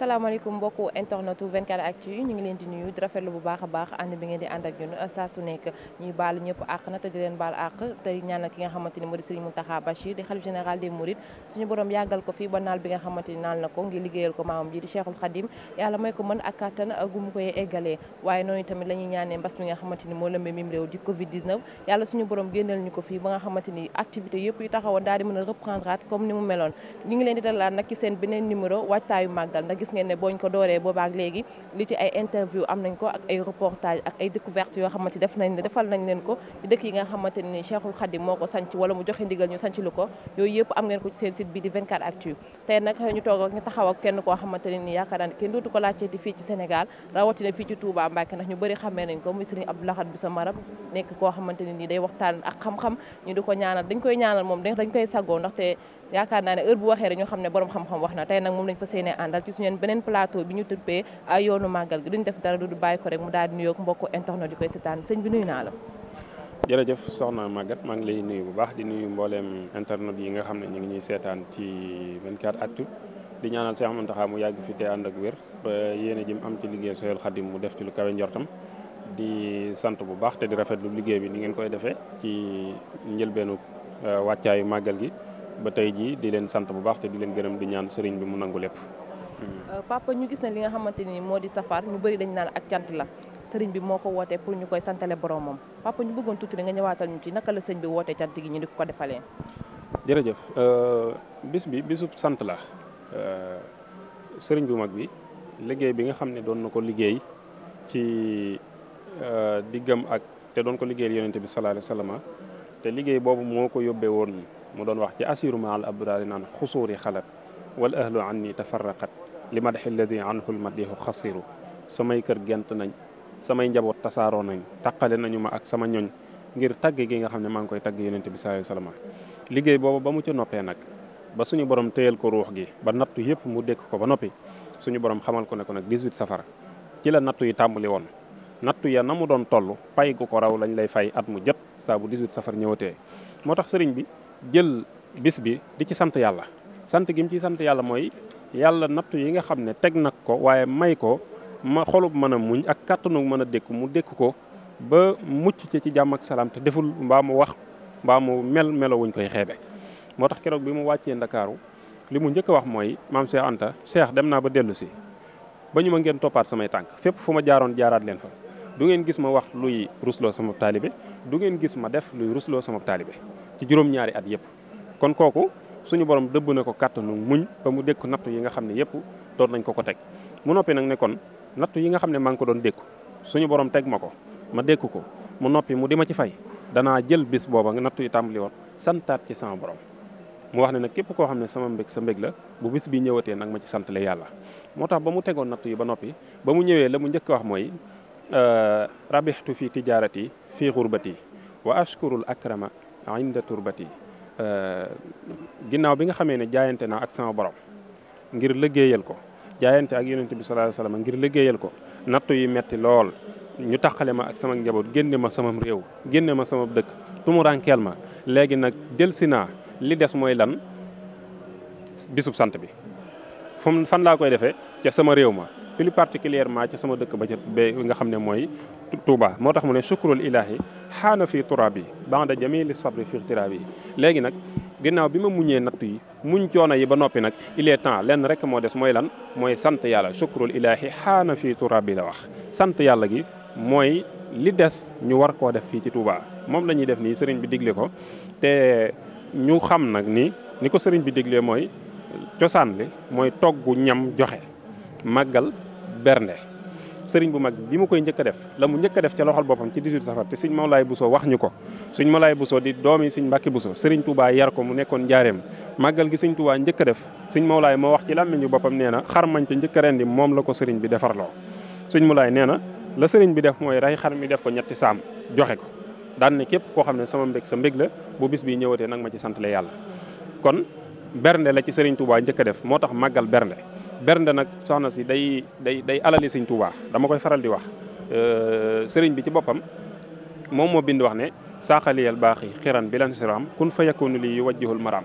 asalaamaaleykum mbokku internetu 24 actu ñu ngi leen di nuyu di rafetlu bu baax a baax ànd bi di ànd ak ñun euh, saa su nekk ñuy baalu ñëpp àq na te di leen baal àq te ñaanal ki nga xamante ni moo di Serigne Mountakha Bachir borom yàggal ko fi ba naal nga xamante ni naal na ko ngir liggéeyal ko maamam ji di Cheikhul Khadim yàlla may ko mën ak kàttan euh, gu mu koy eggalee waaye noonu tamit la ñaanee mbas mi nga xamante ni moo lëmbee mim réew di Covid 19 yàlla suñu borom génnal ñu ko fii ba nga xamante ni activité yëpp taxawoon daal di mën a reprendre comme ni mu gis ngeen ne booñ ko dooree boobaak léegi li ci ay interview am nañ ko ak ay reportage ak ay découverte yoo xamante def nañ defal nañ leen ko dëkk yi nga xamante ni Cheikhul Khadim moo ko sanc wala mu joxe ndigal ñu sanc ko yooyu yëpp am ko ci seen site bi di 24 actu tey nag ñu toog ak ñu taxaw ak kenn koo xamante ne ni yaakaar naa kenn dootu ko laajteeti fii ci Sénégal rawatina fii ci Touba Mbacké ndax ñu bëri xamee nañ ko muy Serigne Abdou Lahad Bousso Maram nekk koo xamante ne ni day waxtaan ak xam-xam ñu di ko ñaanal dañ koy ñaanal moom dañ koy sagoo ndaxte yaakaar naa ne heure bu waxee rek xam ne borom xam-xam wax na tey nag moom lañ fa séenee àndal ci suñu beneen plateau bi ñu tuddee yoonu màggal gi duñ def dara du bàyyi ko rek mu daal di nuyoog mbokku internet di koy seetaan sëñ nuyu jërëjëf soxna Maguette maa ngi lay nuyu bu baax di nuyu mbooleem internet yi nga xam ne ñu ngi ñuy seetaan ci 24 actu di ñaanal Cheikh Mountakha mu yàgg fi te ànd ak wér ba yéene ji am ci liggéey Sooyal Xadim mu def ci lu kawe njortam di sant bu baax te di rafet lu liggéey bi ni ngeen koy defee ci njëlbeenu euh, wàccaayu màggal gi ba tey jii di leen sant bu baax te di leen gërëm di ñaan sëriñ bi mu nangu lépp. Euh, papa ñu gis ne li nga xamante ni moo di safar ñu bëri dañ naan ak cant la sëriñ bi moo ko wootee pour ñu koy santale boromam papa ñu bëggoon tuuti nga ñëwaatal ñu ci naka la sëñ bi wootee cant gi ñu di ko defalee. jërëjëf euh, bis bi bisu sant la euh, sëriñ bu mag bi liggéey bi nga xam ne doon na ko liggéey ci diggam ak te doon ko liggéeyal yonente bi sallallahu alayhi wa te liggéey boobu moo ko yóbbee woon. mu doon wax ci asiru ma al abraari naan xusuuri xalat wal ahlu anni tafarraqat li madaxi alladi anhu lmadihu xasiru samay kër gent nañ samay njaboot tasaaroo nañ taqale nañu ma ak sama ñoñ ngir tagg gi nga xam ne maa ngi koy tagg yonent bi sallallahu alayhi wasallam liggéey boobu ba mu ci noppee nag ba suñu borom téyal ko ruux gi ba nattu yëpp mu dékk ko ba noppi suñu borom xamal ko ne ko nag 18 safara ci la nattu yi tàmbali woon nattu ya na mu doon toll pay gu ko raw lañ lay fay at mu jot saa bu 18 safar ñëwatee moo tax sëriñ bi jël bis bi di ci sant yàlla sant gi mu ciy sant yàlla mooy yàlla nattu yi nga xam ne teg nag ko waaye may ko ma xolub mën a muñ ak kàttanu mën a dékku mu dékk ko ba mucc ci ci jàmm ak salaam te deful mbaa mu wax mbaa mu mel melo wuñ koy xeebe moo tax keroog bi mu wàccee ndakaaru li mu njëkk a wax mooy maam Cheikh Anta Cheikh dem naa ba dellu si ba ñu ma ngeen toppaat samay tànk fépp fu ma jaaroon jaaraat leen fa du ngeen gis ma wax luy rusloo sama taalibe du ngeen gis ma def luy rusloo sama taalibe ci juróom-ñaari at yëpp kon kooku suñu borom dëbb na ko kàttanu muñ ba mu dékk nattu yi nga xam ne yëpp doon nañ ko ko teg mu noppi nag ne kon nattu yi nga xam ne maa ngi ko doon dékku suñu borom teg ma ko ma dékku ko mu noppi mu di ma ci fay danaa jël bis booba nga nattu yi tàmbali woon santaat ci sama borom mu wax ne nag képp koo xam ne sama mbég sa mbég la bu bis bi ñëwatee nag ma ci santale yàlla moo tax ba mu tegoon nattu yi ba noppi ba mu ñëwee la mu njëkk wax mooy rabixtu fi tijaarati fi xurbati wa ashkurul akrama inda turbati euh, ginnaaw bi nga xamee ne jaayante naa ak sama borom ngir liggéeyal ko jaayante ak yonente bi sallallahu alayhi wasallam ngir liggéeyal ko nattu yi metti lool ñu taxale ma ak sama njaboot génne ma samam réew génne ma sama dëkk tumurankeel léegi nag delsi naa li des mooy lan bisub sant bi fu fan laa koy defee ca sama réew ma plus particulièrement ca sama dëkk ba ca nga xam ne mooy Touba moo tax mu ne sukurul ilaahi xaana fii turaab yi banda jamili sabri fii tiraab yi léegi nag ginnaaw bi ma muñee natt yi muñ coono yi ba noppi nag il temps lenn rek moo des mooy lan mooy sant yàlla sukrul ilaahi xaana fii turaab bi la wax sant yàlla gi mooy li des ñu war koo def fii ci Touba moom la ñuy def nii sëriñ bi digle ko te ñu xam nag ni ni ko sëriñ bi diglee mooy cosaan li mooy togg ñam joxe màggal bernde sëriñ bu mag bi mu koy njëkk def la mu njëkk a def ca loxol boppam ci 18 safar te sëñ Mawlaay Bousso wax ñu ko sëñ Mawlaay Bousso di doomi sëñ Mbàkke Bousso sëriñ Touba yar ko mu nekkoon njaareem màggal gi sëñ Touba njëkk a def sëñ Mawlaay moo wax ci làmmiñu boppam nee na xar mañ ca njëkk a rendi moom la ko sëriñ bi defarloo sëñ laay nee na la sëriñ bi def mooy rey xar mi def ko ñetti saam joxe ko daan ne képp koo xam ne sama mbég sa mbég la bu bis bi ñëwatee nag ma ci sant la yàlla kon bernde la ci sëriñ Touba njëkk def moo tax màggal bernde bernde nag soxna si day day day alali sëñ Tuubaa dama koy faral di wax euh, sëriñ bi ci boppam moom moo bind wax ne saaxaliyal baax yi xiran bi lan siram kun fa yakunu li yu wajjihul maram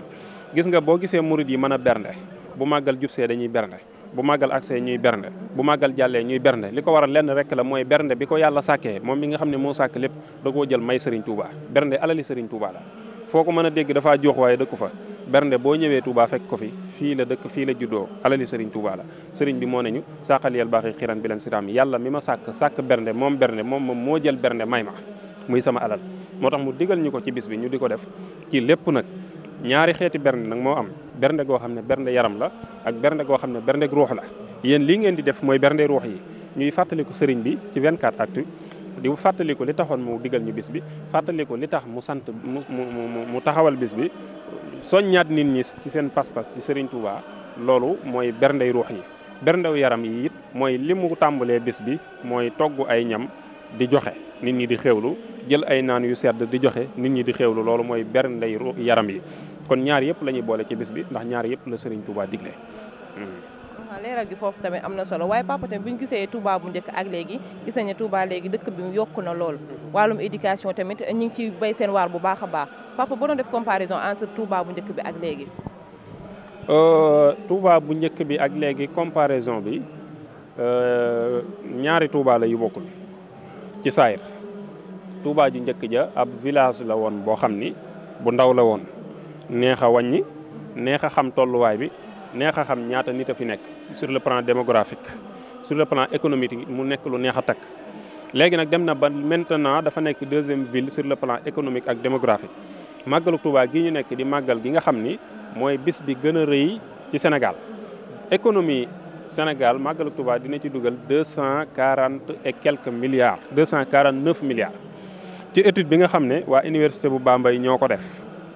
gis nga boo gisee murid yi mën a bernde bu màggal jubsee dañuy bernde bu màggal agsee ñuy bernde bu màggal jàllee ñuy bernde li ko war a lenn rek la mooy bernde bi ko yàlla sàkkee moom mi nga xam ne moo sàkk lépp da koo jël may sëriñ Tuubaa bernde alali sëriñ Tuubaa la foo ko mën a dégg dafaa joox waaye dëkku fa bernde boo ñëwee Touba fekk ko fi fii la dëkk fii la juddoo alali Serigne Touba la Serigne bi moo ne ñu saqal yel baaxi xiran bi leen siraam yàlla mi ma sàkk sàkk bernde moom bernde moom moom moo jël bernde may ma muy sama alal moo tax mu digal ñu ko ci bis bi ñu di ko def ci lépp nag ñaari xeeti bernde nag moo am bernde goo xam ne bernde yaram la ak bernde goo xam ne bernde ruux la yéen lii ngeen di def mooy bernde ruux yi ñuy fàttaliku sëriñ bi ci 24 actu di fàttaliku li taxoon mu digal ñu bis bi fàttaliku li tax mu sant mu mu mu taxawal bis bi soññaat nit ñi ci seen pas-pas ci Serigne Touba loolu mooy berndey ruux yi berndew yaram yi it mooy li mu tàmbalee bis bi mooy togg ay ñam di joxe nit ñi di xewlu jël ay naan yu sedd di joxe nit ñi di xewlu loolu mooy berndey yaram yi kon ñaar yëpp la ñuy boole ci bis bi ndax ñaar yëpp la Serigne Touba digle hmm. leeral gi foofu tamit am na solo waaye papa tamit bu ñu gisee Touba bu njëkk ak léegi gis nañu ne léegi dëkk bi yokku na lool wàllum éducation tamit ñu ngi ci béy seen waar bu baax a baax papa boo doon def comparaison entre Touba bu njëkk bi ak léegi. Euh, Touba bu njëkk bi ak léegi comparaison bi euh, ñaari Touba la yu bokkul ci saayir Touba ju njëkk ja ab village la woon boo xam ni bu ndaw la woon neex a wàññi neex a xam tolluwaay bi. neex a xam ñaata nit a fi nekk sur le plan démographique sur le plan économique mu nekk lu neex a takk léegi nag dem na ba maintenant dafa nekk deuxième ville sur le plan économique ak démographique màggalu Touba gi ñu nekk di màggal gi nga xam ni mooy bis bi gën a rëy ci Sénégal économie Sénégal màggalu tubaa dina ci dugal deux cent quarante et quelques milliards deux cent quarante neuf milliards ci étude bi nga xam ne waa université bu Bambey ñoo ko def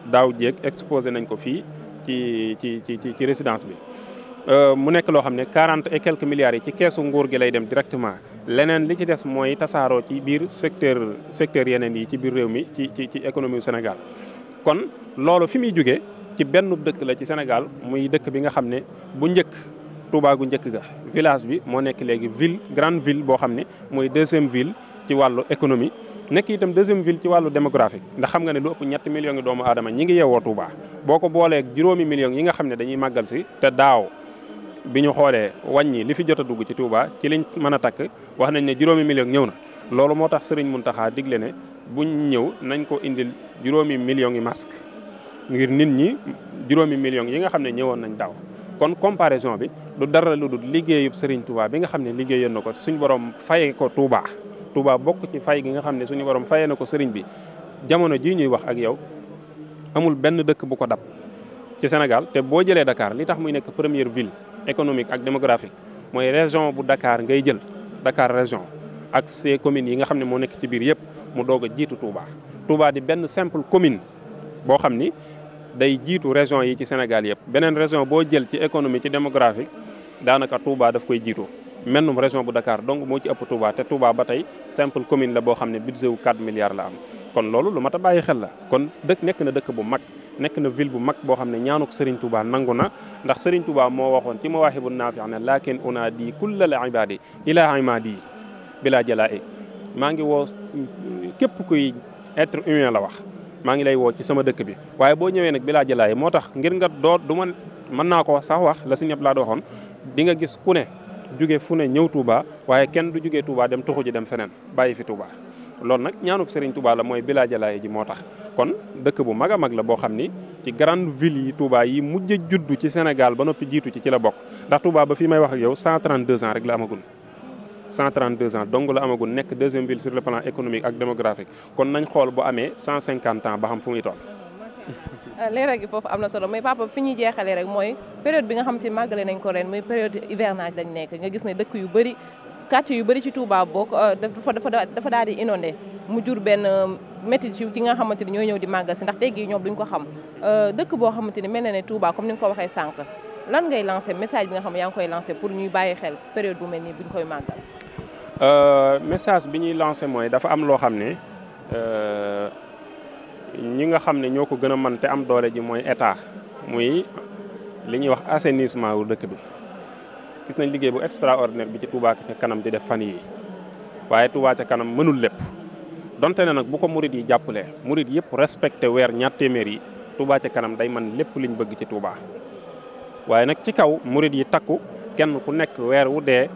daaw jéeg exposé nañ ko fii ci ci ci ci résidence bi euh, mu nekk loo xam ne quarante et quelques milliards yi ci keesu nguur gi lay dem directement leneen li ci des mooy tasaaroo ci biir secteur secteur yeneen yi ci biir réew mi ci ci ci économie Sénégal kon loolu fi muy jógee ci benn dëkk la ci Sénégal muy dëkk bi nga xam ne bu njëkk Touba gu njëkk ga village bi moo nekk léegi ville grande ville boo xam ne mooy deuxième ville ci wàllu économie nekk itam deuxième ville ci wàllu démographique ndax xam nga ne lu ëpp ñetti millions yi doomu aadama ñi ngi yeewoo Touba boo ko booleeg juróomi millions yi nga xam ne dañuy màggal si te daaw bi ñu xoolee wàññi li fi jot a dugg ci tuubaa ci liñ mën a takk wax nañ ne juróomi million ñëw na loolu moo tax Serigne Mountakha digle ne buñ ñëw nañ ko indil juróomi million yi masque ngir nit ñi juróomi millions yi nga xam ne ñëwoon nañ daaw kon comparaison bi lu dara lu dul liggéeyub Serigne Touba bi nga xam ne liggéeyoon na ko suñ borom fayee ko Touba. Touba bokk ci fay gi nga xam ne suñu borom fayee na ko sëriñ bi jamono jii ñuy wax ak yow amul benn dëkk bu ko dab ci Sénégal te boo jëlee dakaar li tax muy nekk première ville économique ak démographique mooy région bu dakaar ngay jël dakaar région ak ses communes yi nga xam ne moo nekk ci biir yëpp mu doog a jiitu Touba. Touba di benn simple commune boo xam ni day jiitu région yi ci Sénégal yëpp beneen région boo jël ci économie ci démographique daanaka Touba daf koy jiitu. mennum région bu Dakar donc moo ci ëpp Touba te Touba ba tey simple commune la boo xam ne budget wu 4 milliards la am kon loolu lu mat a xel la kon dëkk nekk na dëkk bu mag nekk na ville bu mag boo xam ne ñaanu ko Serigne Touba nangu na ndax Serigne Touba moo waxoon ci ma mawaahibu naafi ne laakin unaadi kulla la ibaadi ilaa imaadi bila jalaa'i maa ngi woo mm, képp kuy être humain la wax maa ngi lay woo ci sama dëkk bi waaye boo ñëwee nag bilaa jëlaay moo tax ngir nga doo du mën naa ko sax wax la si ñëpp laa doxoon di nga gis ku ne jóge fu ne ñëw Touba waaye kenn du jóge Touba dem tuxu ji dem feneen bàyyi fi Touba lool nag ñaanuk Serigne Touba la mooy bilaa jalaay ji moo tax kon dëkk bu mag a mag la boo xam ni ci grande ville yi Touba yi mujj juddu ci Sénégal ba noppi jiitu ci ci la bokk ndax Touba ba fii may wax ak yow 132 ans rek la amagul 132 ans dong la amagul nekk deuxième ville sur le plan économique ak démographique kon nañ xool bu amee 150 ans ba xam fu muy toll leeral gi foofu am na solo mais papa fi ñuy jeexalee rek mooy période bi nga xam ci màggale nañ ko ren muy période hivernage lañ nekk nga gis ne dëkk yu bari quartier yu bëri ci Touba bokk euh, dafa dafa dafa daal di inondé mu jur benn euh, métti ci ki nga xamante ni ñooy ñëw di màggal si ndax tey gi bi duñ ko xam euh, dëkk boo xamante ni mel na ne Touba comme ni nga ko waxee sànq lan ngay lancé message bi nga xam ne yaa ngi koy lancé pour ñuy bàyyi xel période bu mel nii buñ koy màggal. message bi ñuy lancé mooy dafa am loo xam ne. ñi nga xam ne ñoo ko gën a mën am doole ji mooy état muy li ñuy wax assainissement wu dëkk bi gis nañ liggéey bu extraordinaire bi ci Touba kanam di def fan yi waaye Touba ca kanam mënul lépp donte ne nag bu ko murit yi jàppalee murit yëpp respecté weer ñaar téeméer yi Touba ca kanam day man lépp liñ bëgg ci Touba waaye nag ci kaw murit yi takku kenn ku nekk weer wu dee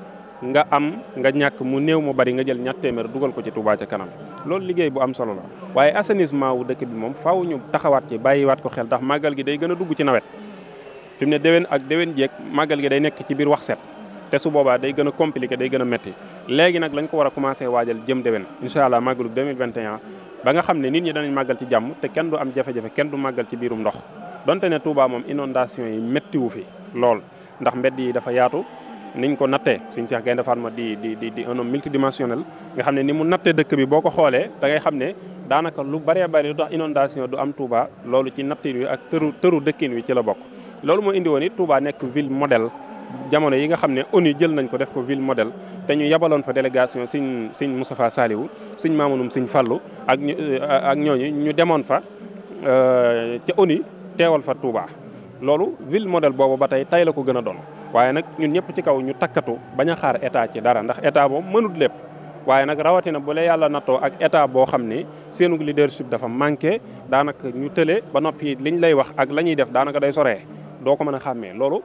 nga am nga ñàkk mu néew mu bari nga jël ñaar téeméer dugal ko ci Touba ca kanam loolu liggéey bu am solo la waaye assainissement wu dëkk bi moom faaw ñu taxawaat ci bàyyiwaat ko xel ndax màggal gi day gën a dugg ci nawet fi mu ne déwén ak déwén jéeg màggal gi day nekk ci biir wax set te su boobaa day gën a compliqué day gëna a métti léegi nag lañ ko war a commencé waajal jëm déwén incha allah màggalu 2021 ba nga xam ne nit ñi danañ màggal ci jàmm te kenn du am jafe-jafe kenn du màggal ci biirum ndox donte ne Touba moom inondation yi métti fi lool ndax mbedd yi dafa yaatu niñ ko nattee suñ Cheikh Gaynde Fatma ma di di di un homme multidimensionnel nga xam ne ni mu nattee dëkk bi boo ko xoolee da ngay xam ne daanaka lu baree bëri lu tax inondation du am Touba loolu ci nattin wi ak tëru tëru dëkkiin wi ci la bokk. loolu moo indi woon it Touba nekk ville modèle jamono yi nga xam ne ONU jël nañ ko def ko ville modèle te ñu yabaloon fa délégation suñ suñ Moustapha Saliou suñ Mamounum suñ Fallou ak ñu euh, ak ñooñu ñu demoon fa euh, ca ONU teewal fa Touba. loolu ville modèle boobu ba tey tey la ko gën a doon waaye nag ñun ñëpp ci kaw ñu takkatu bañ a xaar état ci dara ndax état moom mënut lépp waaye nag rawatina bu la yàlla nattoo ak état boo xam ne seenu leadership dafa manqué daanaka ñu tële ba noppi liñ lay wax ak la ñuy def daanaka day soree doo ko mën a xàmmee loolu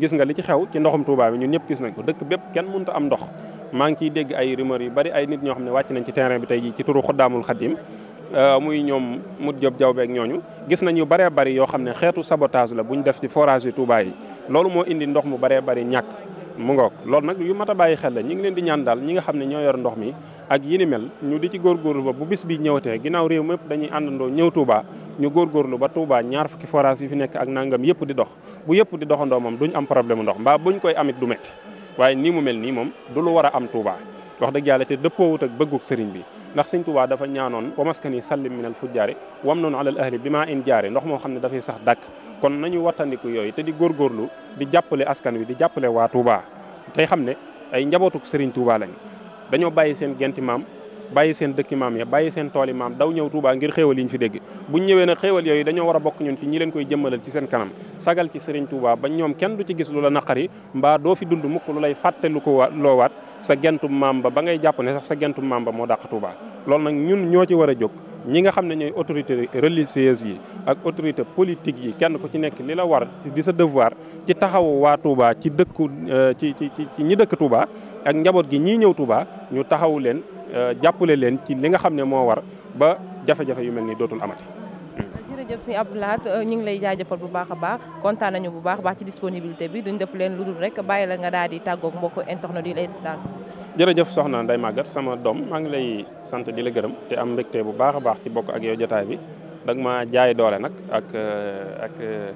gis nga li ci xew ci ndoxum Touba bi ñun ñëpp gis nañ ko dëkk bépp kenn mënut am ndox maa ngi ciy dégg ay rumeur yu bari ay nit ñoo xam ne wàcc nañ ci terrain bi tey jii ci turu xoddaamul xadim euh, muy ñoom mut job jawbeeg ñooñu gis nañ yu baree bari yoo xam ne xeetu sabotage la bu ñu def ci forage yi yi loolu moo indi ndox mu baree bari ñàkk mu ngoog loolu nag yu mat bàyyi xel la ñu ngi leen di ñaan daal ñi nga xam ne ñoo yor ndox mi ak yi mel ñu di ci góor góorgóorlu ba bu bis bi ñëwatee ginnaaw réew mépp dañuy àndandoo ñëw Touba ñu góorgóorlu ba Touba ñaar fukki forage yi fi nekk ak nangam yëpp di dox bu yëpp di doxandoo moom duñ am problème ndox mbaa buñ koy amit du métti waaye ni mu mel nii moom du lu war a am Touba wax dëgg yàlla te dëppoowut ak bëgguk sëriñ bi ndax sëñ Tuubaa dafa ñaanoon wa maskani sallim minal fujjaari wam noonu alal ahli bi maa in jaare ndox moo xam ne dafay sax dàkk kon nañu wattandiku yooyu te di góorlu di jàppale askan wi di jàppale waa Touba tey xam ne ay njabootuk sëriñ Touba lañ dañoo bàyyi seen genti maam bàyyi seen dëkki maam ya bàyyi seen tooli maam daw ñëw Touba ngir xéewal yi ñu fi dégg buñ ñëwee nag xéewal yooyu dañoo war a bokk ñun ñi leen koy jëmmalal ci seen kanam sagal ci sëriñ Touba ba ñoom kenn du ci gis lu la naqari doo fi dund mukk lu lay fàtte lu ko sa gentu maam ba ba ngay jàpp ne sax sa gentum maam ba moo dàq Touba loolu nag ñun ñoo ci war a jóg ñi nga xam ne ñooy autorité religieuse yi ak autorité politique yi kenn ku ci nekk li la war di sa devoir ci taxawu waa Touba ci dëkku euh, ci ci ci ñi dëkk Touba ak njaboot gi ñii ñëw Touba ñu taxawu leen euh, jàppale leen ci li nga xam ne moo war ba jafe-jafe yu mel ni dootul amati. jërëjëf sëñ Abdou Lahat euh, ñu ngi lay jaajëfal bu baax a baax kontaan bu baax baax ci disponibilité bi duñ def leen lu rek bàyyi la nga daal di tàggoog mbokk internet yi lay sitaan jërëjëf soxna Ndeye Maguette sama doom maa ngi lay sant di la gërëm te am mbégte bu baax a baax ci bokk ak yow jotaay bi dag ma jaay doole nag ak euh, ak euh,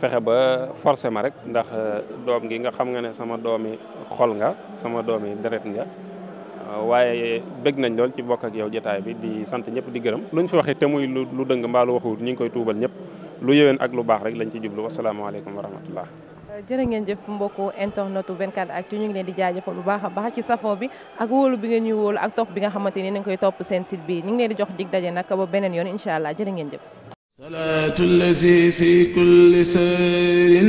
fexe ba forcé ma rek ndax doom gi nga xam nga ne sama doomi xol nga sama doomi deret nga waaye bëgg nañ lool ci bokk ak yow jotaay bi di sant ñëpp di gërëm luñ fi waxee te muy lu dëng mbaa lu waxul ñu ngi koy tuubal ñëpp lu yëwén ak lu baax rek lañ ci jublu wasalaamaaleykum wa rahmatullah jërë ngeen jëf mbokku internetu 24 actu ñu ngi leen di jaajëfal bu baax a baax ci safoo bi ak wóolu bi ngeen ñuy wóolu ak topp bi nga xamante ni nañ koy topp seen site bi ñu ngi leen di jox dig daje nag ba beneen yoon incha allah jërë ngeen jëf salaatu lazi fi kulli sayrin